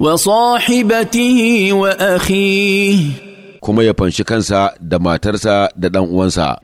وصاحبته وأخيه كما يفنشكنسا دماترسا ددان uwansa.